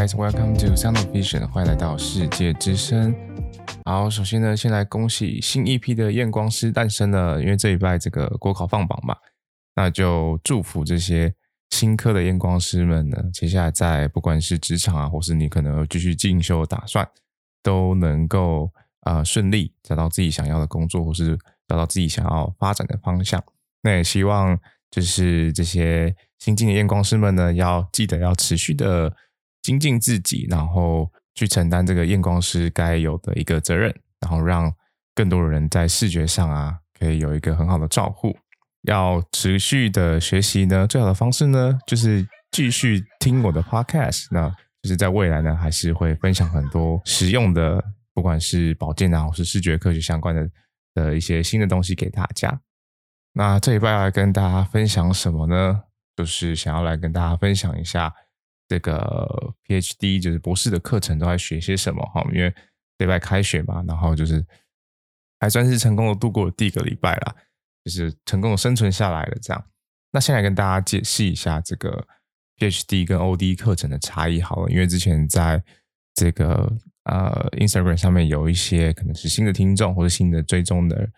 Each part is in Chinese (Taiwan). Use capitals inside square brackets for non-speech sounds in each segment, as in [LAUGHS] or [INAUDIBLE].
大家 welcome to Sound of Vision，歡迎來到世界之聲。好，首先呢，先來恭喜新一批的驗光師誕生了，因為這禮拜這個國考放榜嘛，那就祝福這些新科的驗光師們呢，接下來在不管是職場啊，或是你可能繼續進修打算，都能夠啊、呃、順利找到自己想要的工作，或是找到自己想要發展的方向。那也希望就是這些新進的驗光師們呢，要記得要持續的。精進自己，然後去承擔這個驗光師該有的一個責任，然後讓更多的人在視覺上啊，可以有一個很好的照顧。要持續的學習呢，最好的方式呢，就是繼續聽我的 podcast。那就是在未來呢，還是會分享很多實用的，不管是保健啊，或是視覺科學相關的的一些新的東西給大家。那這禮拜要來跟大家分享什麼呢？就是想要來跟大家分享一下。這個 PhD 就是博士的課程都在學些什麼哈？因為禮拜開學嘛，然後就是還算是成功的度過了第一個禮拜啦，就是成功的生存下來了。這樣，那先來跟大家解釋一下這個 PhD 跟 OD 課程的差異好了，因為之前在這個呃 Instagram 上面有一些可能是新的聽眾或者新的追蹤的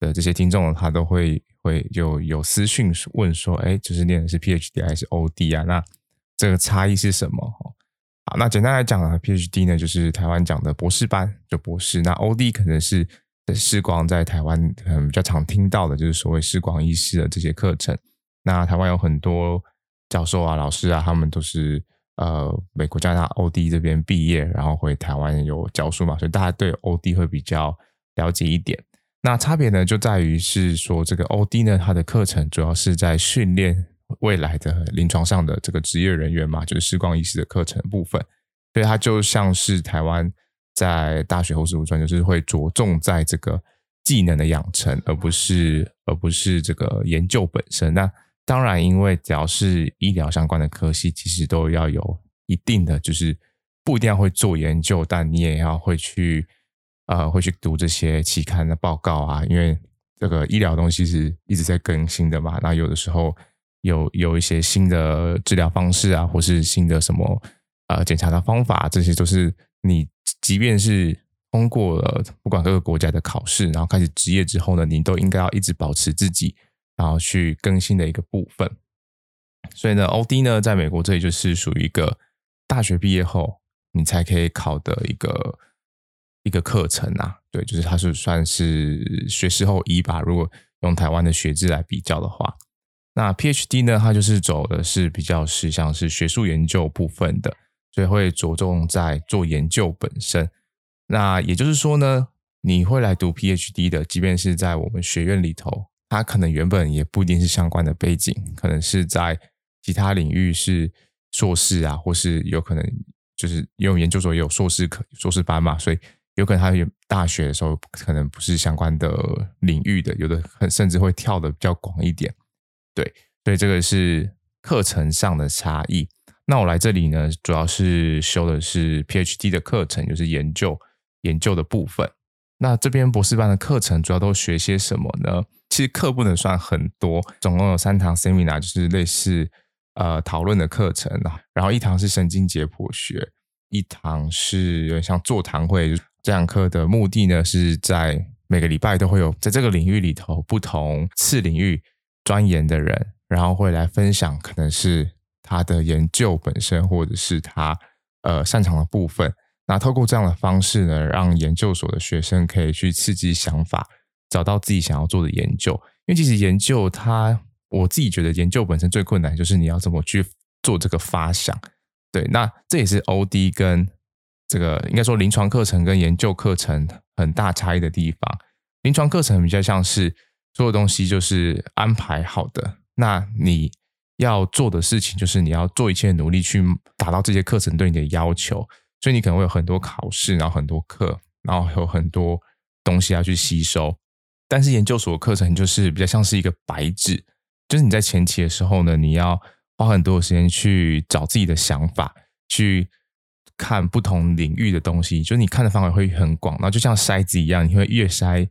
的這些聽眾，他都會會有有私訊問說：“哎，就是念的是 PhD 還是 OD 啊？”那這個差異是什麼？哈，好，那簡單來講啊，PhD 呢就是台灣講的博士班，就博士。那 OD 可能是視光在台灣嗯比較常聽到的，就是所謂視光醫師的這些課程。那台灣有很多教授啊、老師啊，他們都是呃美國加拿大 OD 這邊畢業，然後回台灣有教書嘛，所以大家對 OD 會比較了解一點。那差別呢，就在於是說這個 OD 呢，它的課程主要是在訓練。未來的臨床上的這個職業人員嘛，就是視光醫師的課程的部分，所以它就像是台灣在大學或是五專，就是會着重在這個技能的養成，而不是而不是這個研究本身。那當然，因為只要是醫療相關的科系，其實都要有一定的，就是不一定要會做研究，但你也要會去呃會去讀這些期刊的報告啊，因為這個醫療東西是一直在更新的嘛。那有的時候。有有一些新的治療方式啊，或是新的什麼呃檢查的方法，這些都是你即便是通過了不管各個國家的考試，然後開始執業之後呢，你都應該要一直保持自己，然後去更新的一個部分。所以呢，OD 呢，在美國這裡就是屬於一個大學畢業後你才可以考的一個一個課程啊，對，就是它是算是學士後醫吧，如果用台灣的學制來比較的話。那 PhD 呢，它就是走的是比較是像是學術研究部分的，所以會着重在做研究本身。那也就是說呢，你會來讀 PhD 的，即便是在我們學院裡頭，它可能原本也不一定是相關的背景，可能是在其他領域是碩士啊，或是有可能就是因為研究所也有碩士課、碩士班嘛，所以有可能他有大學的時候可能不是相關的領域的，有的甚至會跳得比較廣一點。對，所以這個是課程上的差異。那我來這裡呢，主要是修的是 PhD 的課程，就是研究研究的部分。那這邊博士班的課程主要都學些什麼呢？其實課不能算很多，總共有三堂 Seminar，就是類似呃討論的課程啊。然後一堂是神經解剖學，一堂是有點像座談會。這堂課的目的呢，是在每個禮拜都會有，在這個領域裡頭不同次領域。專研的人，然後會來分享，可能是他的研究本身，或者是他呃擅長的部分。那透過這樣的方式呢，讓研究所的學生可以去刺激想法，找到自己想要做的研究。因為其實研究，它，我自己覺得研究本身最困難，就是你要怎麼去做這個發想。對，那這也是 OD 跟這個應該說臨床課程跟研究課程很大差異的地方。臨床課程比較像是。所有東西就是安排好的，那你要做的事情就是你要做一切努力去達到這些課程對你的要求，所以你可能會有很多考試，然後很多課，然後有很多東西要去吸收。但是研究所課程就是比較像是一個白紙，就是你在前期的時候呢，你要花很多的時間去找自己的想法，去看不同領域的東西，就是你看的範圍會很廣，然後就像篩子一樣，你會越篩。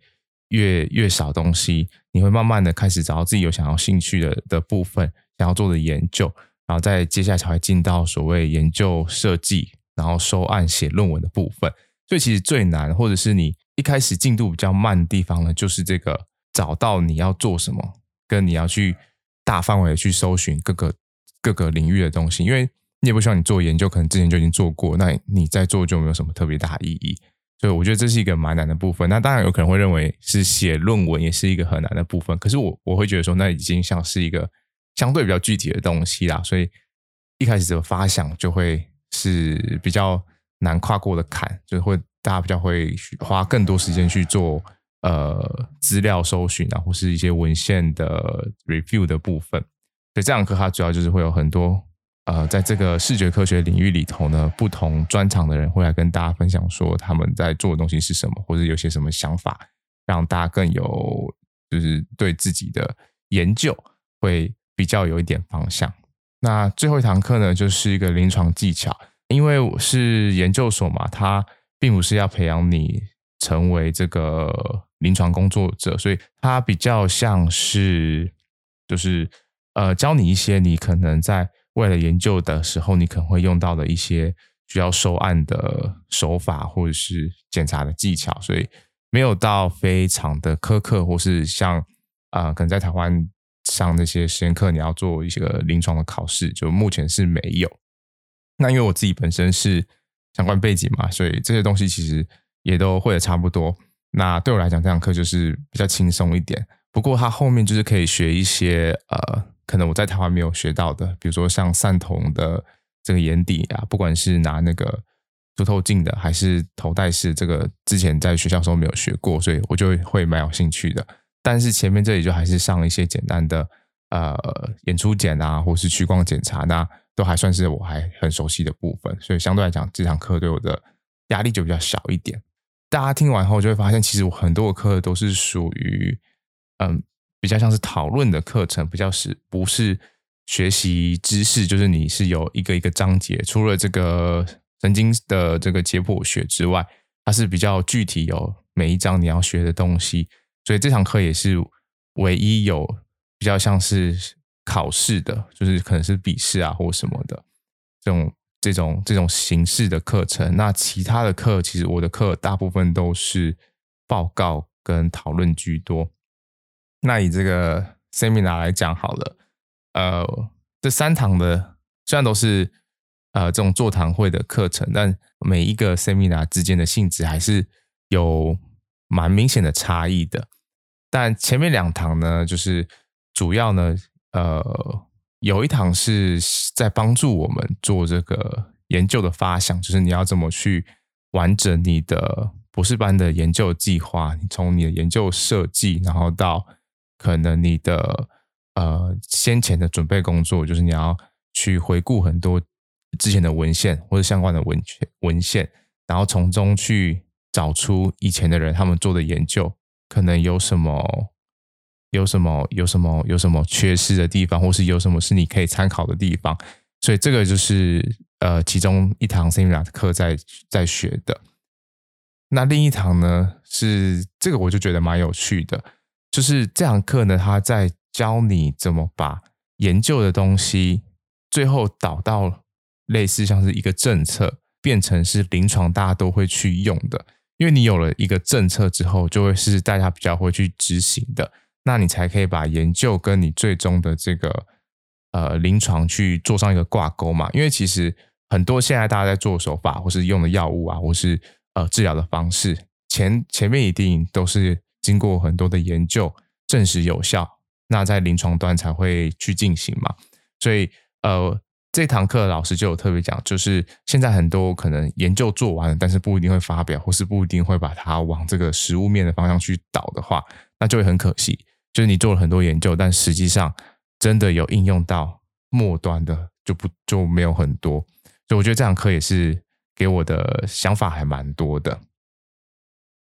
越越少東西，你會慢慢的開始找到自己有想要興趣的的部分，想要做的研究，然後再接下來才會進到所謂研究設計，然後收案寫論文的部分。所以其實最難，或者是你一開始進度比較慢的地方呢，就是這個找到你要做什麼，跟你要去大範圍的去搜尋各個各個領域的東西，因為你也不希望你做研究，可能之前就已經做過，那你再做就沒有什麼特別大的意義。所以我覺得這是一個蠻難的部分。那當然有可能會認為是寫論文也是一個很難的部分。可是我我會覺得說，那已經像是一個相對比較具體的東西啦。所以一開始的發想，就會是比較難跨過的坎，就會大家比較會花更多時間去做呃資料搜尋啊，或是一些文獻的 review 的部分。所以這堂課它主要就是會有很多。呃，在這個視覺科學領域裡頭呢，不同專長的人會來跟大家分享說他們在做的東西是什麼，或者有些什麼想法，讓大家更有就是對自己的研究會比較有一點方向。那最後一堂課呢，就是一個臨床技巧，因為我是研究所嘛，它並不是要培養你成為這個臨床工作者，所以它比較像是就是呃，教你一些你可能在。為了研究的時候，你可能會用到的一些需要收案的手法，或者是檢查的技巧，所以沒有到非常的苛刻，或是像啊、呃，可能在台灣上那些實驗課，你要做一些個臨床的考試，就目前是沒有。那因為我自己本身是相關背景嘛，所以這些東西其實也都會的差不多。那對我來講，這堂課就是比較輕鬆一點。不過，它後面就是可以學一些呃。可能我在台灣沒有學到的，比如說像散瞳的這個眼底啊，不管是拿那個凸透鏡的，還是頭戴式這個，之前在學校時候沒有學過，所以我就會蠻有興趣的。但是前面這裡就還是上一些簡單的呃眼初檢啊，或是屈光檢查，那都還算是我還很熟悉的部分，所以相對來講，這堂課對我的壓力就比較小一點。大家聽完後就會發現，其實我很多的課都是屬於嗯。比較像是討論的課程，比較是不是學習知識，就是你是有一個一個章節，除了這個神經的這個解剖學之外，它是比較具體有每一章你要學的東西。所以這堂課也是唯一有比較像是考試的，就是可能是筆試啊或什麼的，這種這種這種形式的課程。那其他的課，其實我的課大部分都是報告跟討論居多。那以這個 Seminar 來講好了，呃，這三堂的雖然都是呃這種座談會的課程，但每一個 Seminar 之間的性質還是有蠻明顯的差異的。但前面兩堂呢，就是主要呢，呃，有一堂是在幫助我們做這個研究的發想，就是你要怎麼去完整你的博士班的研究計劃，你從你的研究設計，然後到可能你的呃先前的準備工作，就是你要去回顧很多之前的文獻或者相關的文獻文獻，然後從中去找出以前的人他們做的研究可能有什麼有什麼有什麼有什麼缺失的地方，或是有什麼是你可以參考的地方。所以這個就是呃其中一堂 Seminar 課在在學的。那另一堂呢，是這個我就覺得蠻有趣的。就是這堂課呢，他在教你怎麼把研究的東西最後導到類似像是一個政策，變成是臨床大家都會去用的。因為你有了一個政策之後，就會是大家比較會去執行的，那你才可以把研究跟你最終的這個呃臨床去做上一個掛鈎嘛。因為其實很多現在大家在做的手法，或是用的藥物啊，或是呃治療的方式，前前面一定都是。經過很多的研究證實有效，那在臨床端才會去進行嘛。所以，呃，這堂課的老師就有特別講，就是現在很多可能研究做完了，但是不一定會發表，或是不一定會把它往這個實務面的方向去導的話，那就會很可惜。就是你做了很多研究，但實際上真的有應用到末端的，就不就沒有很多。所以，我覺得這堂課也是給我的想法還蠻多的。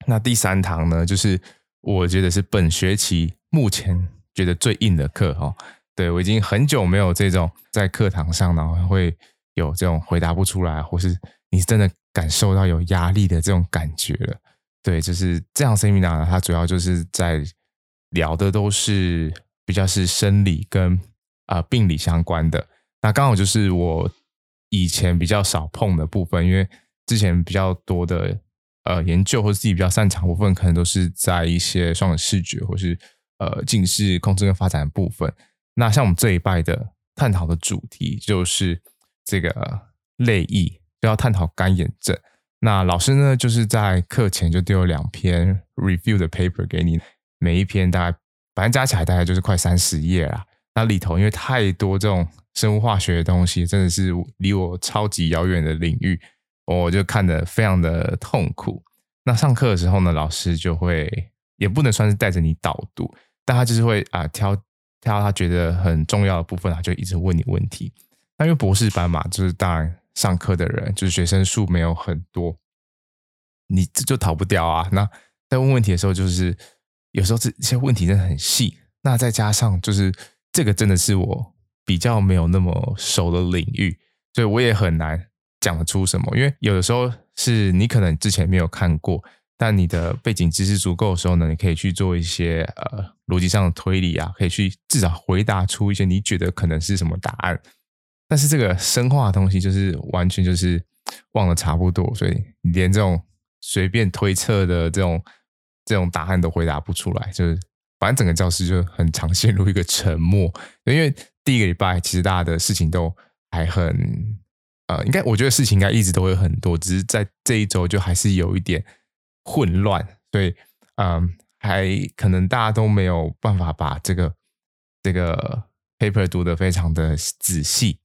那第三堂呢，就是。我覺得是本學期目前覺得最硬的課哈，對我已經很久沒有這種在課堂上然後會有這種回答不出來，或是你真的感受到有壓力的這種感覺了。對，就是這樣。Seminar 它主要就是在聊的都是比較是生理跟啊、病理相關的，那剛好就是我以前比較少碰的部分，因為之前比較多的。呃，研究或是自己比較擅長的部分，可能都是在一些雙眼視覺或是呃近視控制跟發展的部分。那像我們這一拜的探討的主題，就是這個淚液，要探討乾眼症。那老師呢，就是在課前就丟了兩篇 review 的 paper 給你，每一篇大概，反正加起來大概就是快三十頁啦。那裡頭因為太多這種生物化學的東西，真的是離我超級遙遠的領域。我就看得非常的痛苦。那上課的時候呢，老師就會也不能算是帶着你導讀，但他就是會啊挑挑他覺得很重要的部分，他就一直問你問題。那因為博士班嘛，就是當然上課的人就是學生數沒有很多，你這就逃不掉啊。那在問問題的時候，就是有時候這些問題真的很細。那再加上就是這個真的是我比較沒有那麼熟的領域，所以我也很難。講得出什麼？因為有的時候是你可能之前沒有看過，但你的背景知識足夠的時候呢，你可以去做一些呃邏輯上的推理啊，可以去至少回答出一些你覺得可能是什麼答案。但是這個深化的東西就是完全就是忘了差不多，所以你連這種隨便推測的這種這種答案都回答不出來，就是反正整個教室就很常陷入一個沉默。因為第一個禮拜其實大家的事情都還很。呃，應該，我覺得事情應該一直都會很多，只是在這一周就還是有一點混亂，所以，嗯、呃，還可能大家都沒有辦法把這個這個 paper 讀得非常的仔細，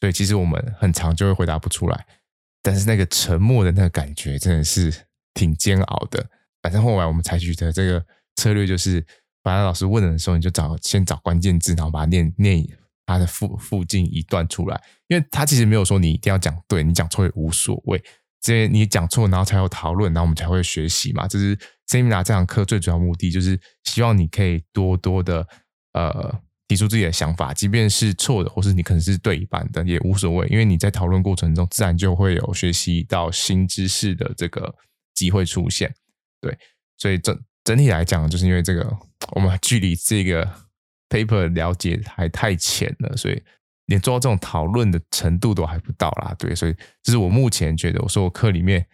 所以其實我們很常就會回答不出來，但是那個沉默的那個感覺真的是挺煎熬的。反正後來我們採取的這個策略就是，反正老師問的時候你就找，先找關鍵字，然後把它念念。他的附附近一段出來，因為他其實沒有說你一定要講對，你講錯也無所謂。這你講錯，然後才有討論，然後我們才會學習嘛。就是 Seminar 這堂課最主要目的，就是希望你可以多多的呃提出自己的想法，即便是錯的，或是你可能是對一半的也無所謂，因為你在討論過程中，自然就會有學習到新知識的這個機會出現。對，所以整整體來講，就是因為這個，我們距離這個。paper 了解還太淺了，所以連做到這種討論的程度都還不到啦。對，所以這是我目前覺得，我說我課裡面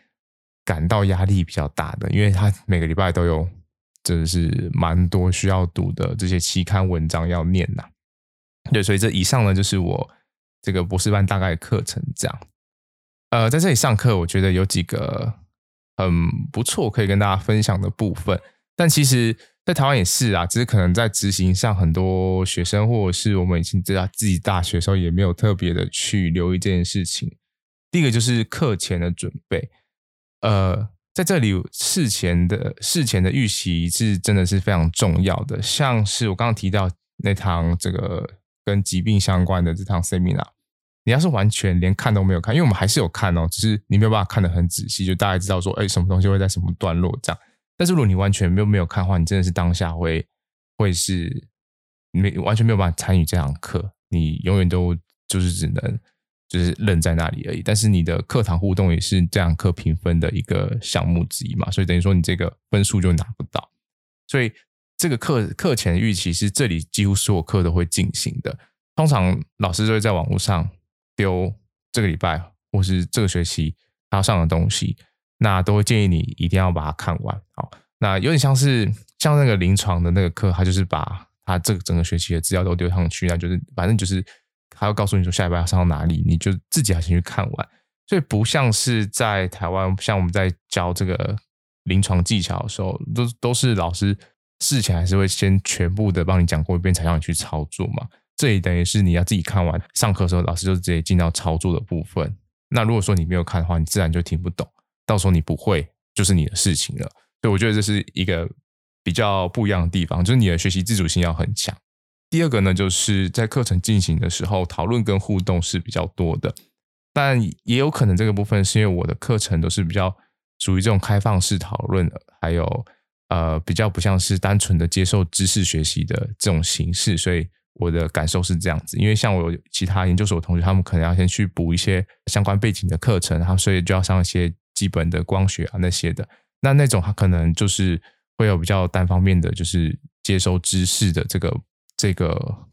感到壓力比較大的，因為他每個禮拜都有，真的是蠻多需要讀的這些期刊文章要念吶。對，所以這以上呢，就是我這個博士班大概的課程這樣。呃，在這裡上課，我覺得有幾個很不錯可以跟大家分享的部分，但其實。在台灣也是啊，只是可能在執行上，很多學生或者是我們以前在自己大學的時候也沒有特別的去留意這件事情。第一個就是課前的準備，呃，在這裡事前的事前的預習是真的是非常重要的。像是我剛剛提到那堂這個跟疾病相關的這堂 seminar，你要是完全連看都沒有看，因為我們還是有看哦、喔，只是你沒有辦法看得很仔細，就大概知道說，哎、欸，什麼東西會在什麼段落這樣。但是如果你完全沒有沒有看的話，你真的是當下會會是沒完全沒有辦法參與這堂課，你永遠都就是只能就是愣在那裡而已。但是你的課堂互動也是這堂課評分的一個項目之一嘛，所以等於說你這個分數就拿不到。所以這個課課前預期是這裡幾乎所有課都會進行的，通常老師都會在網絡上丟這個禮拜或是這個學期他要上的東西。那都會建議你一定要把它看完。哦，好，那有點像是像那個臨床的那個課，他就是把他這個整個學期的資料都丟上去，那就是反正就是他會告訴你說下一班要上到哪裡，你就自己要先去看完。所以不像是在台灣，像我們在教這個臨床技巧的時候，都都是老師事前還是會先全部的幫你講過一遍，才讓你去操作嘛。這也等於是你要自己看完，上課的時候老師就直接進到操作的部分。那如果說你沒有看的話，你自然就聽不懂。到時候你不會就是你的事情了，所以我覺得這是一個比較不一樣的地方，就是你的學習自主性要很強。第二個呢，就是在課程進行的時候，討論跟互動是比較多的，但也有可能這個部分是因為我的課程都是比較屬於這種開放式討論，還有呃比較不像是單純的接受知識學習的這種形式，所以我的感受是這樣子。因為像我有其他研究所的同學，他們可能要先去補一些相關背景的課程，然後所以就要上一些。基本的光學啊那些的，那那種它可能就是會有比較單方面的，就是接收知識的這個這個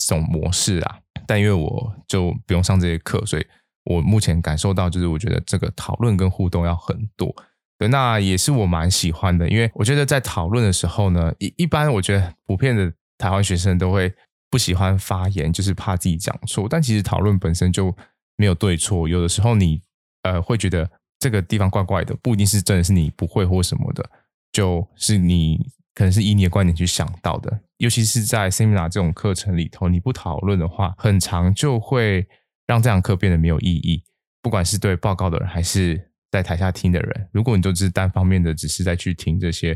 這種模式啊。但因為我就不用上這些課，所以我目前感受到就是，我覺得這個討論跟互動要很多。對，那也是我蠻喜歡的，因為我覺得在討論的時候呢，一一般我覺得普遍的台灣學生都會不喜歡發言，就是怕自己講錯。但其實討論本身就沒有對錯，有的時候你呃會覺得。這個地方怪怪的，不一定是真的是你不會或什麼的，就是你可能是以你的觀點去想到的。尤其是在 seminar 這種課程裡頭，你不討論的話，很常就會讓這堂課變得沒有意義。不管是對報告的人，還是在台下聽的人，如果你都只單方面的，只是在去聽這些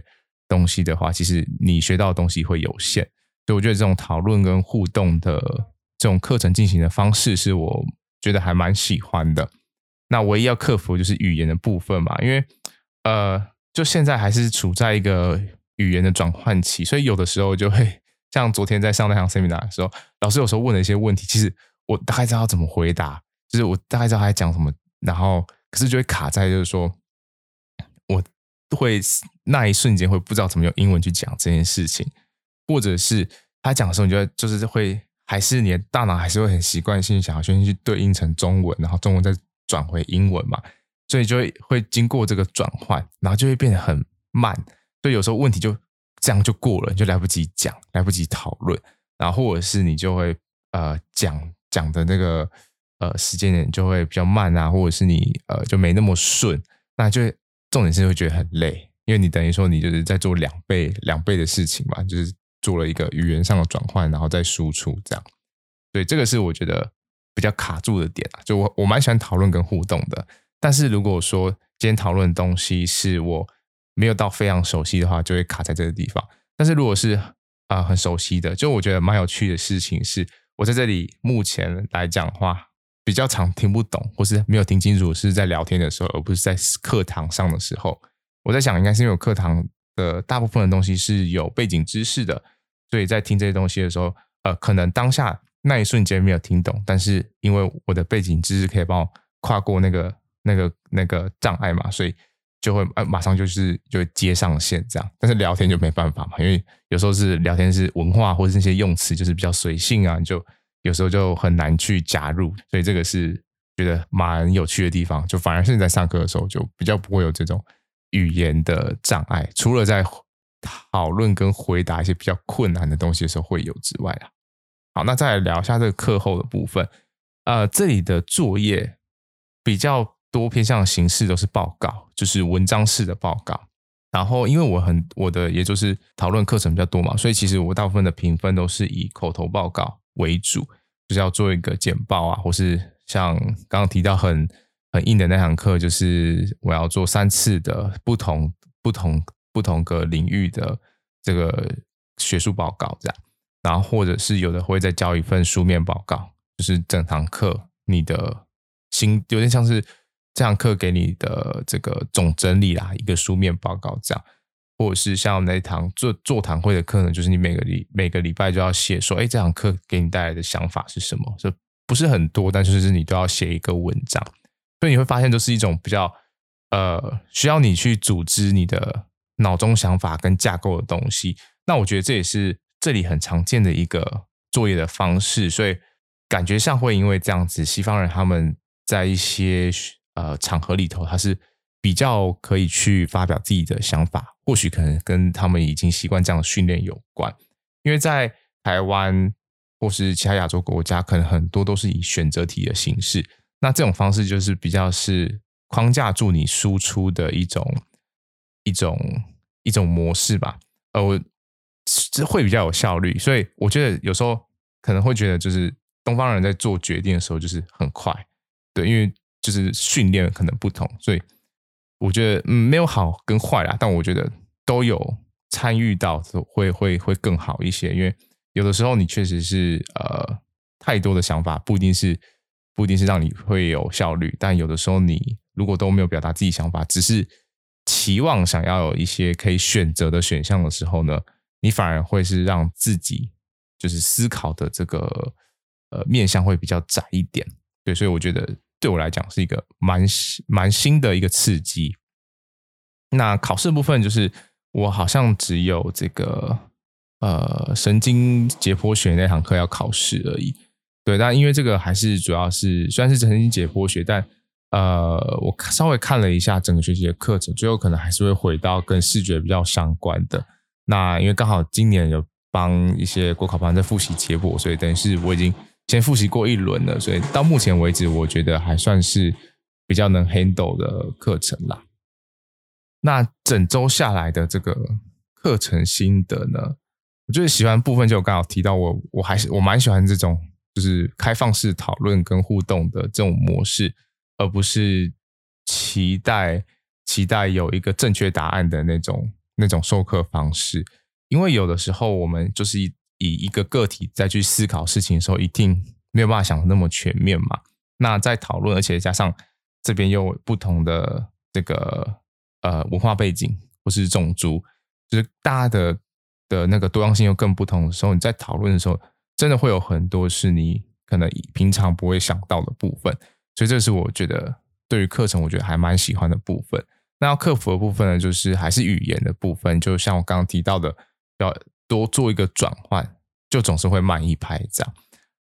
東西的話，其實你學到的東西會有限。所以我覺得這種討論跟互動的這種課程進行的方式，是我覺得還蠻喜歡的。那唯一要克服的就是語言的部分嘛，因為呃，就現在還是處在一個語言的轉換期，所以有的時候就會像昨天在上那場 seminar 的時候，老師有時候問了一些問題，其實我大概知道怎麼回答，就是我大概知道他在講什麼，然後可是就會卡在就是說，我會那一瞬間會不知道怎麼用英文去講這件事情，或者是他講的時候你，你覺得就是會還是你的大腦還是會很習慣性想要先去對應成中文，然後中文再。轉回英文嘛，所以就會會經過這個轉換，然後就會變得很慢，所以有時候問題就這樣就過了，你就來不及講，來不及討論，然後或者是你就會呃講講的那個呃時間點就會比較慢啊，或者是你呃就沒那麼順，那就重點是會覺得很累，因為你等於說你就是在做兩倍兩倍的事情嘛，就是做了一個語言上的轉換，然後再輸出這樣，所以這個是我覺得。比較卡住的點啊，就我我蠻喜歡討論跟互動的，但是如果說今天討論的東西是我沒有到非常熟悉的話，就會卡在這個地方。但是如果是啊、呃、很熟悉的，就我覺得蠻有趣的事情是，我在這裡目前來講的話，比較常聽不懂或是沒有聽清楚，是在聊天的時候，而不是在課堂上的時候。我在想，應該是因為我課堂的大部分的東西是有背景知識的，所以在聽這些東西的時候，呃，可能當下。那一瞬間沒有聽懂，但是因為我的背景知識可以幫我跨過那個、那個、那個障礙嘛，所以就會啊、呃，馬上就是就會接上線這樣。但是聊天就沒辦法嘛，因為有時候是聊天是文化或是那些用詞就是比較隨性啊，就有時候就很難去加入，所以這個是覺得蠻有趣的地方。就反而是你在上課的時候就比較不會有這種語言的障礙，除了在討論跟回答一些比較困難的東西的時候會有之外啊。那再來聊一下這個課後的部分，呃，這裡的作業比較多偏向的形式，都是報告，就是文章式的報告。然後，因為我很我的也就是討論課程比較多嘛，所以其實我大部分的評分都是以口頭報告為主，就是要做一個簡報啊，或是像剛剛提到很很硬的那堂課，就是我要做三次的不同不同不同個領域的這個學術報告這樣。然後，或者是有的會再交一份書面報告，就是整堂課你的心，有點像是這堂課給你的這個總整理啦，一個書面報告這樣，或者是像那一堂做座談會的課呢，就是你每個禮每個禮拜就要寫說，哎，這堂課給你帶來的想法是什麼？就不是很多，但就是你都要寫一個文章。所以你會發現，都是一種比較呃，需要你去組織你的腦中想法跟架構的東西。那我覺得這也是。這裡很常見的一個作業的方式，所以感覺上會因為這樣子，西方人他們在一些呃場合裡頭，他是比較可以去發表自己的想法，或許可能跟他們已經習慣這樣訓練有關。因為在台灣或是其他亞洲國家，可能很多都是以選擇題的形式，那這種方式就是比較是框架住你輸出的一種一種一種模式吧。呃。會比較有效率，所以我覺得有時候可能會覺得，就是東方人在做決定的時候就是很快，對，因為就是訓練可能不同，所以我覺得嗯沒有好跟壞啦，但我覺得都有參與到會會會更好一些，因為有的時候你確實是呃太多的想法，不一定是不一定是讓你會有效率，但有的時候你如果都沒有表達自己想法，只是期望想要有一些可以選擇的選項的時候呢，你反而會是讓自己就是思考的這個呃面向會比較窄一點，對，所以我覺得對我來講是一個蠻新蠻新的一個刺激。那考試部分就是我好像只有這個呃神經解剖學那堂課要考試而已，對，但因為這個還是主要是雖然是神經解剖學，但呃我稍微看了一下整個學習的課程，最後可能還是會回到跟視覺比較相關的。那因為剛好今年有幫一些國考班在復習解剖，所以等於是我已經先複習過一輪了，所以到目前為止，我覺得還算是比較能 handle 的課程啦。那整周下來的這個課程心得呢，我最喜歡部分就剛好提到我，我還是我蠻喜歡這種就是開放式討論跟互動的這種模式，而不是期待期待有一個正確答案的那種。那種授課方式，因為有的時候我們就是以，以一個個體在去思考事情的時候，一定沒有辦法想的那麼全面嘛。那在討論，而且加上這邊又有不同的這個呃文化背景或是種族，就是大家的的那個多樣性又更不同的時候，你在討論的時候，真的會有很多是你可能平常不會想到的部分。所以這是我覺得對於課程，我覺得還蠻喜歡的部分。那要克服的部分呢，就是還是語言的部分，就像我剛剛提到的，要多做一個轉換，就總是會慢一拍這樣，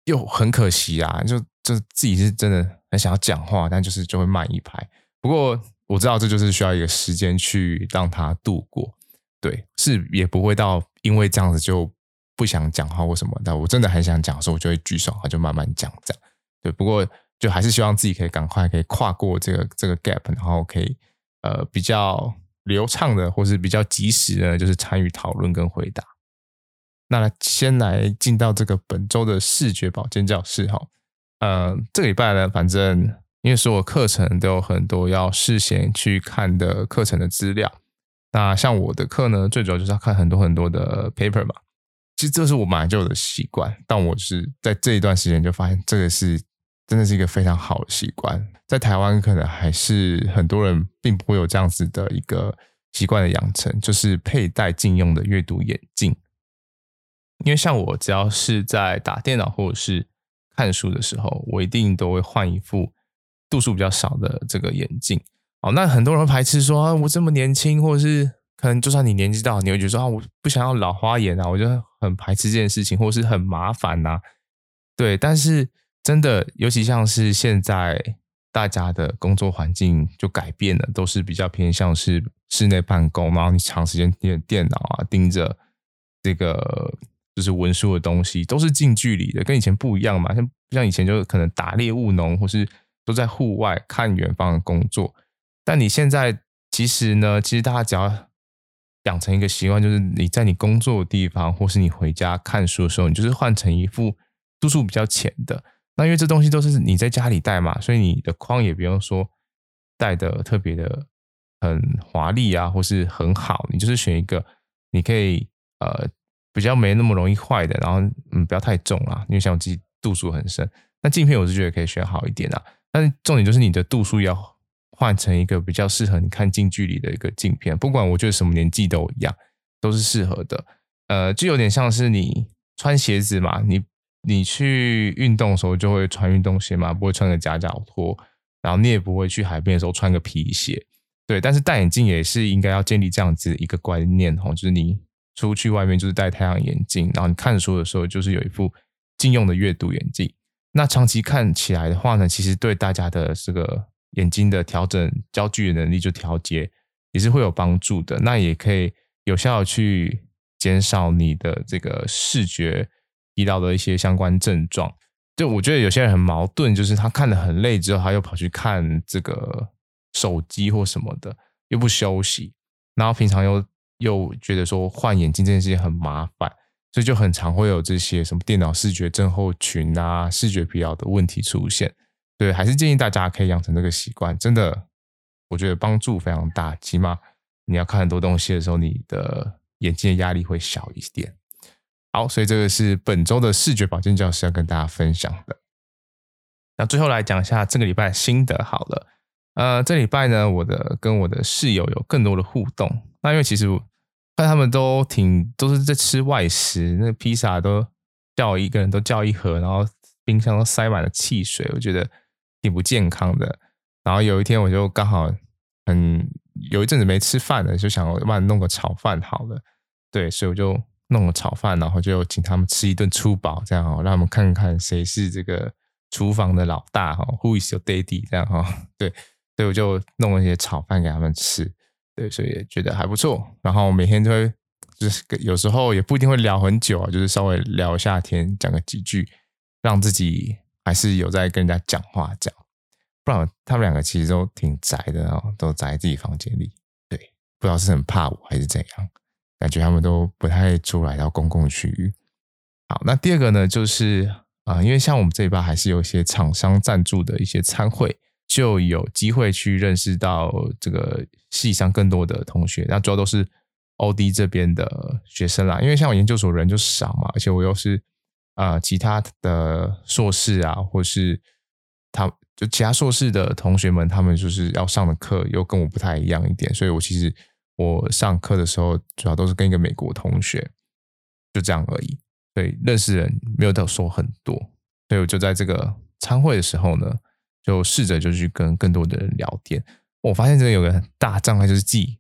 又很可惜啊，就就自己是真的很想要講話，但就是就會慢一拍。不過我知道這就是需要一個時間去讓它度過，對，是也不會到因為這樣子就不想講話或什麼。但我真的很想講的時候，我就會舉手，我就慢慢講這樣。對，不過就還是希望自己可以趕快可以跨過這個這個 gap，然後可以。呃，比較流暢的，或是比較及時的呢，就是參與討論跟回答。那先來進到這個本周的視覺保健教室哈。呃，這個禮拜呢，反正因為所有課程都有很多要事先去看的課程的資料。那像我的課呢，最主要就是要看很多很多的 paper 嘛。其實這是我本來就有的習慣，但我是在這一段時間就發現這個是真的是一個非常好的習慣。在台灣可能還是很多人並不會有這樣子的一個習慣的養成，就是佩戴近用的閱讀眼鏡。因為像我只要是在打電腦或者是看書的時候，我一定都會換一副度數比較少的這個眼鏡。哦，那很多人會排斥說：“啊，我這麼年輕，或者是可能就算你年紀大，你會覺得說啊，我不想要老花眼啊，我就很排斥這件事情，或者是很麻煩吶。”對，但是真的，尤其像是現在。大家的工作環境就改變了，都是比較偏向是室內辦公，然後你長時間盯着電腦啊，盯着這個就是文書的東西，都是近距離的，跟以前不一樣嘛。像像以前就是可能打獵務農，或是都在戶外看遠方的工作。但你現在其實呢，其實大家只要養成一個習慣，就是你在你工作的地方，或是你回家看書的時候，你就是換成一副度數比較淺的。那因為這東西都是你在家裡戴嘛，所以你的框也不用說戴的特別的很華麗啊，或是很好，你就是選一個你可以呃比較沒那麼容易壞的，然後嗯不要太重啦。因為像我自己度數很深，那鏡片我是覺得可以選好一點啦。但重點就是你的度數要換成一個比較適合你看近距離的一個鏡片，不管我覺得什麼年紀都一樣都是適合的，呃，就有點像是你穿鞋子嘛，你。你去運動的時候就會穿運動鞋嘛，不會穿個夾腳拖，然後你也不會去海邊的時候穿個皮鞋，對。但是戴眼鏡也是應該要建立這樣子一個觀念哦，就是你出去外面就是戴太陽眼鏡，然後你看書的時候就是有一副近用的閱讀眼鏡。那長期看起來的話呢，其實對大家的這個眼睛的調整焦距的能力就調節也是會有幫助的，那也可以有效的去減少你的這個視覺。遇到的一些相關症狀，就我覺得有些人很矛盾，就是他看的很累之後，他又跑去看這個手機或什麼的，又不休息，然後平常又又覺得說換眼鏡這件事情很麻煩，所以就很常會有這些什麼電腦視覺症候群啊、視覺疲勞的問題出現。對，還是建議大家可以養成這個習慣，真的，我覺得幫助非常大。起碼你要看很多東西的時候，你的眼睛的壓力會小一點。好，所以這個是本周的視覺保健教室要跟大家分享的。那最後來講一下這個禮拜心得好了。呃，這禮拜呢，我的跟我的室友有更多的互動。那因為其實那他們都挺都是在吃外食，那披薩都叫一個人都叫一盒，然後冰箱都塞滿了汽水，我覺得挺不健康的。然後有一天我就剛好很有一陣子沒吃飯了，就想我幫你弄個炒飯好了。對，所以我就。弄了炒飯，然後就請他們吃一頓粗飽，這樣哦，讓他們看看誰是這個廚房的老大哈，Who is your daddy？這樣哈，對，所以我就弄了一些炒飯給他們吃，對，所以覺得還不錯。然後每天都會，就是有時候也不一定會聊很久，就是稍微聊一下天，講個幾句，讓自己還是有在跟人家講話這樣，不然他們兩個其實都挺宅的哦，都宅在自己房間裡，對，不知道是很怕我還是怎樣。感覺他們都不太出來到公共區域。好，那第二個呢，就是啊、呃，因為像我們這一班還是有一些廠商贊助的一些餐會，就有機會去認識到這個系上更多的同學。那主要都是 OD 這邊的學生啦，因為像我研究所人就少嘛，而且我又是啊、呃，其他的碩士啊，或是他就其他碩士的同學們，他們就是要上的課又跟我不太一樣一點，所以我其實。我上課的時候，主要都是跟一個美國同學，就這樣而已。對，認識人沒有到說很多，所以我就在這個參會的時候呢，就試着就去跟更多的人聊天。我發現這裡有個很大障礙，就是記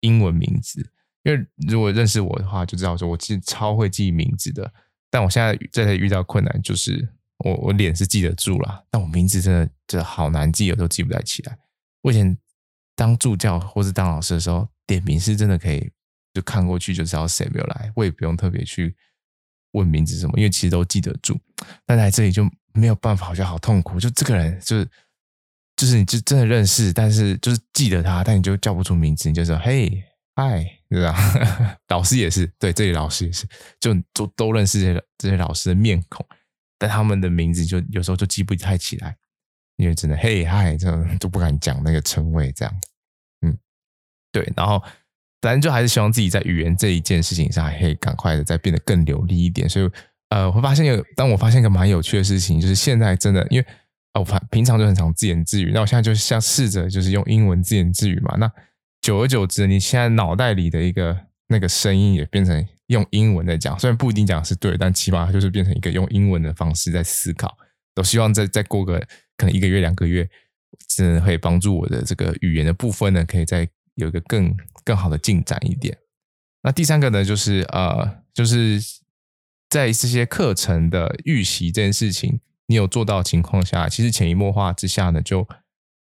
英文名字，因為如果認識我的話，就知道說我其實超會記名字的。但我現在在這裡遇到困難，就是我我臉是記得住了，但我名字真的真的好難記，我都記不得起來。我以前當助教或是當老師的時候。點名是真的可以，就看過去就知道誰沒有來，我也不用特別去問名字什麼，因為其實都記得住。但來這裡就沒有辦法，好像好痛苦。就這個人就，就是就是你就真的認識，但是就是記得他，但你就叫不出名字，你就說“嘿嗨”對吧？ [LAUGHS] 老師也是，對，這裡老師也是，就都都認識這些這些老師的面孔，但他們的名字就有時候就記不太起來，因為真的，“嘿嗨”這樣都不敢講那個稱謂這樣。對，然後反正就還是希望自己在語言這一件事情上可以趕快的再變得更流利一點。所以，呃，我發現有當我發現一個蠻有趣的事情，就是現在真的，因為哦、啊，我平常就很常自言自語，那我現在就像試着就是用英文自言自語嘛。那久而久之，你現在腦袋裡的一個那個聲音也變成用英文在講，雖然不一定講是對，但起碼就是變成一個用英文的方式在思考。我希望再再，再過個可能一個月兩個月，真的可以幫助我的這個語言的部分呢，可以再。有一個更更好的進展一點。那第三個呢，就是呃，就是在這些課程的預習這件事情，你有做到的情況下，其實潛移默化之下呢，就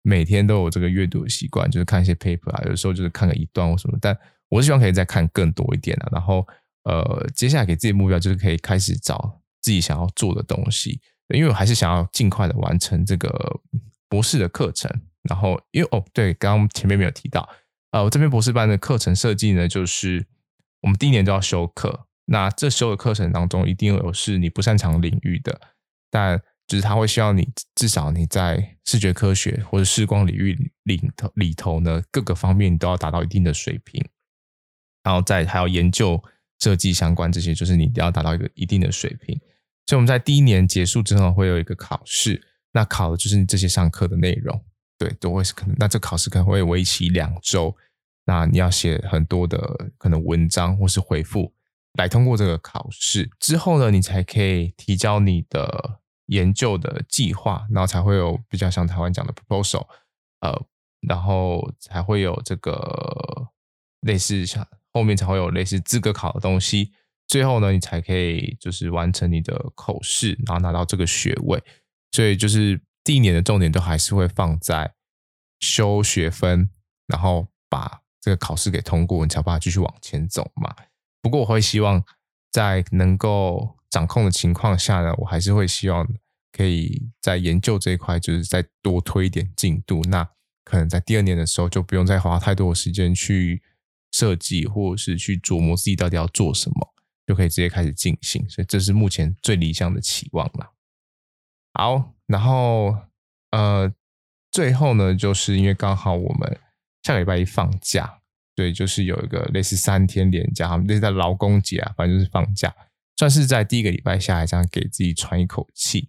每天都有這個閱讀的習慣，就是看一些 paper 啊，有時候就是看個一段或什麼。但我是希望可以再看更多一點啊。然後呃，接下來給自己的目標就是可以開始找自己想要做的東西，因為我還是想要盡快的完成這個博士的課程。然後因為哦，對，剛剛前面沒有提到。呃，我這邊博士班的課程設計呢，就是我們第一年都要修課。那這修的課程當中，一定有是你不擅長領域的，但就是他會需要你至少你在視覺科學或者視光領域領頭裡頭呢，各個方面你都要達到一定的水平。然後再還要研究設計相關這些，就是你都要達到一個一定的水平。所以我們在第一年結束之後，會有一個考試，那考的就是你這些上課的內容。對，都會是可能。那這考試可能會為期兩周，那你要寫很多的可能文章或是回復來通過這個考試。之後呢，你才可以提交你的研究的計劃，然後才會有比較像台灣講的 proposal，呃，然後才會有這個類似像後面才會有類似資格考的東西。最後呢，你才可以就是完成你的口試，然後拿到這個學位。所以就是。第一年的重點都還是會放在修學分，然後把這個考試給通過，你才有辦法繼續往前走嘛。不過我會希望在能夠掌控的情況下呢，我還是會希望可以在研究這一塊，就是再多推一點進度。那可能在第二年的時候，就不用再花太多的時間去設計或者是去琢磨自己到底要做什麼，就可以直接開始進行。所以這是目前最理想的期望了。好。然後，呃，最後呢，就是因為剛好我們下個禮拜一放假，對，就是有一個類似三天連假，類似在勞工節啊，反正就是放假，算是在第一個禮拜下來這樣給自己喘一口氣。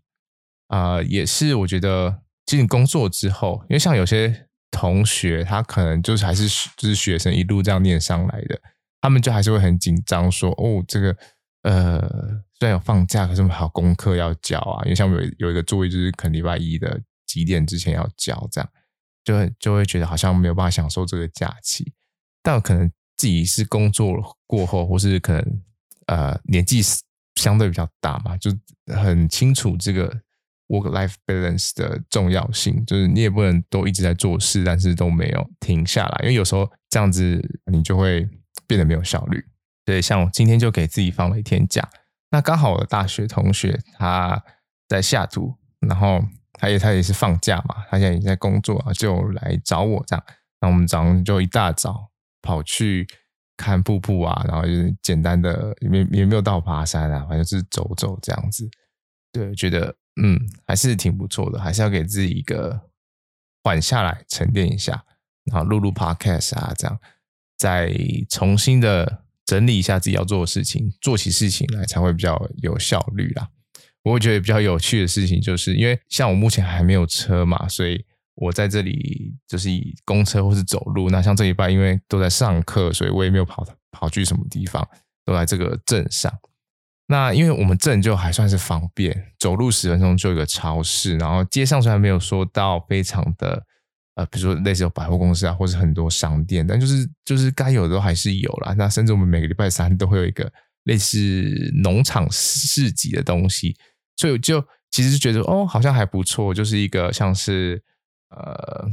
啊、呃，也是我覺得，進行工作之後，因為像有些同學，他可能就是還是就是學生一路這樣念上來的，他們就還是會很緊張說，說哦，這個呃。雖然有放假，可是我們還有功課要交啊。因為像有有一個作業，就是可能禮拜一的幾點之前要交，這樣就就會覺得好像沒有辦法享受這個假期。但可能自己是工作過後，或是可能呃年紀相對比較大嘛，就很清楚這個 work life balance 的重要性。就是你也不能都一直在做事，但是都沒有停下來，因為有時候這樣子你就會變得沒有效率。對，像我今天就給自己放了一天假。那剛好我的大學同學他在下圖，然後他也他也是放假嘛，他現在已經在工作啊，就來找我這樣。那我們早上就一大早跑去看瀑布啊，然後就是簡單的也也沒有到爬山啊，反正就是走走這樣子。對，覺得嗯還是挺不錯的，還是要給自己一個緩下來沉澱一下，然後錄錄 podcast 啊這樣,再重新的。整理一下自己要做的事情，做起事情來才會比較有效率啦。我會覺得比較有趣的事情，就是因為像我目前還沒有車嘛，所以我在這裡就是以公車或是走路。那像這禮拜因為都在上課，所以我也沒有跑跑去什麼地方，都在這個鎮上。那因為我們鎮就還算是方便，走路十分鐘就有一個超市，然後街上雖然沒有說到非常的。呃，比如說類似有百貨公司啊，或是很多商店，但就是就是該有的都還是有了。那甚至我們每個禮拜三都會有一個類似農場市集的東西，所以我就其實覺得哦，好像還不錯，就是一個像是呃，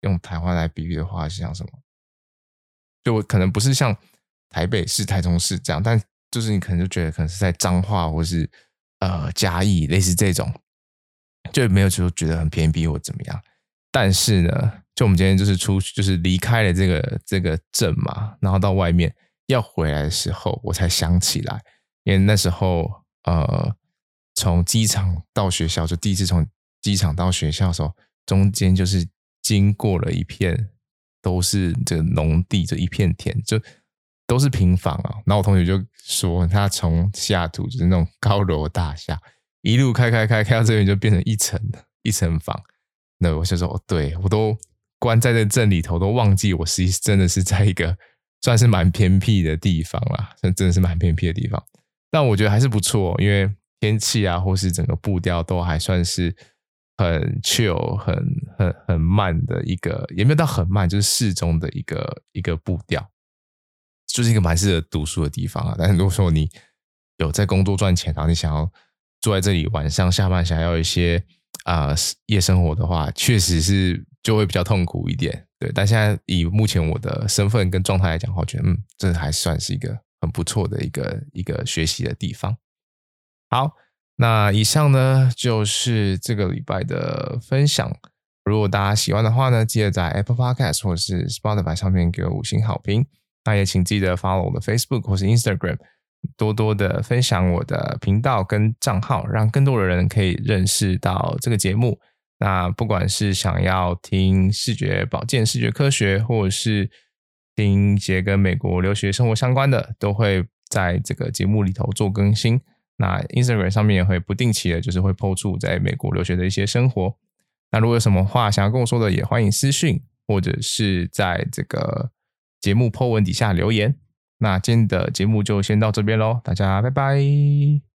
用台灣來比喻比的話是像什麼？就我可能不是像台北市、台中市這樣，但就是你可能就覺得可能是在彰化，或是呃嘉義類似這種，就沒有說覺得很偏僻或怎麼樣。但是呢，就我們今天就是出去，就是離開了這個這個鎮嘛，然後到外面要回來的時候，我才想起來，因為那時候呃，從機場到學校，就第一次從機場到學校的時候，中間就是經過了一片都是這個農地這一片田，就都是平房啊。那我同學就說，他從下土就是那種高樓大廈，一路開開開，開到這邊就變成一層一層房。那我就說，哦，對，我都關在這鎮裡頭，都忘記我實際真的是在一個算是蠻偏僻的地方啦。真真的是蠻偏僻的地方。但我覺得還是不錯，因為天氣啊，或是整個步調都還算是很 chill、很很很慢的一個，也沒有到很慢，就是適中的一個一個步調。就是一個蠻適合讀書的地方啊。但是如果說你有在工作賺錢啊，然後你想要坐在這裡，晚上下班想要一些。啊、呃，夜生活的話，確實是就會比較痛苦一點，對。但現在以目前我的身份跟狀態來講，我覺得嗯，這還算是一個很不錯的一個一個學習的地方。好，那以上呢，就是這個禮拜的分享。如果大家喜歡的話呢，記得在 Apple Podcast 或者是 Spotify 上面給我五星好評。那也請記得 follow 我的 Facebook 或是 Instagram。多多的分享我的頻道跟賬號，讓更多的人可以認識到這個節目。那不管是想要聽視覺保健、視覺科學，或者是聽一些跟美國留學生活相關的，都會在這個節目裡頭做更新。那 Instagram 上面也會不定期的，就是會 po 出在美國留學的一些生活。那如果有什麼話想要跟我說的，也歡迎私訊，或者是在這個節目 po 文底下留言。那今天的節目就先到這邊嘍，大家拜拜。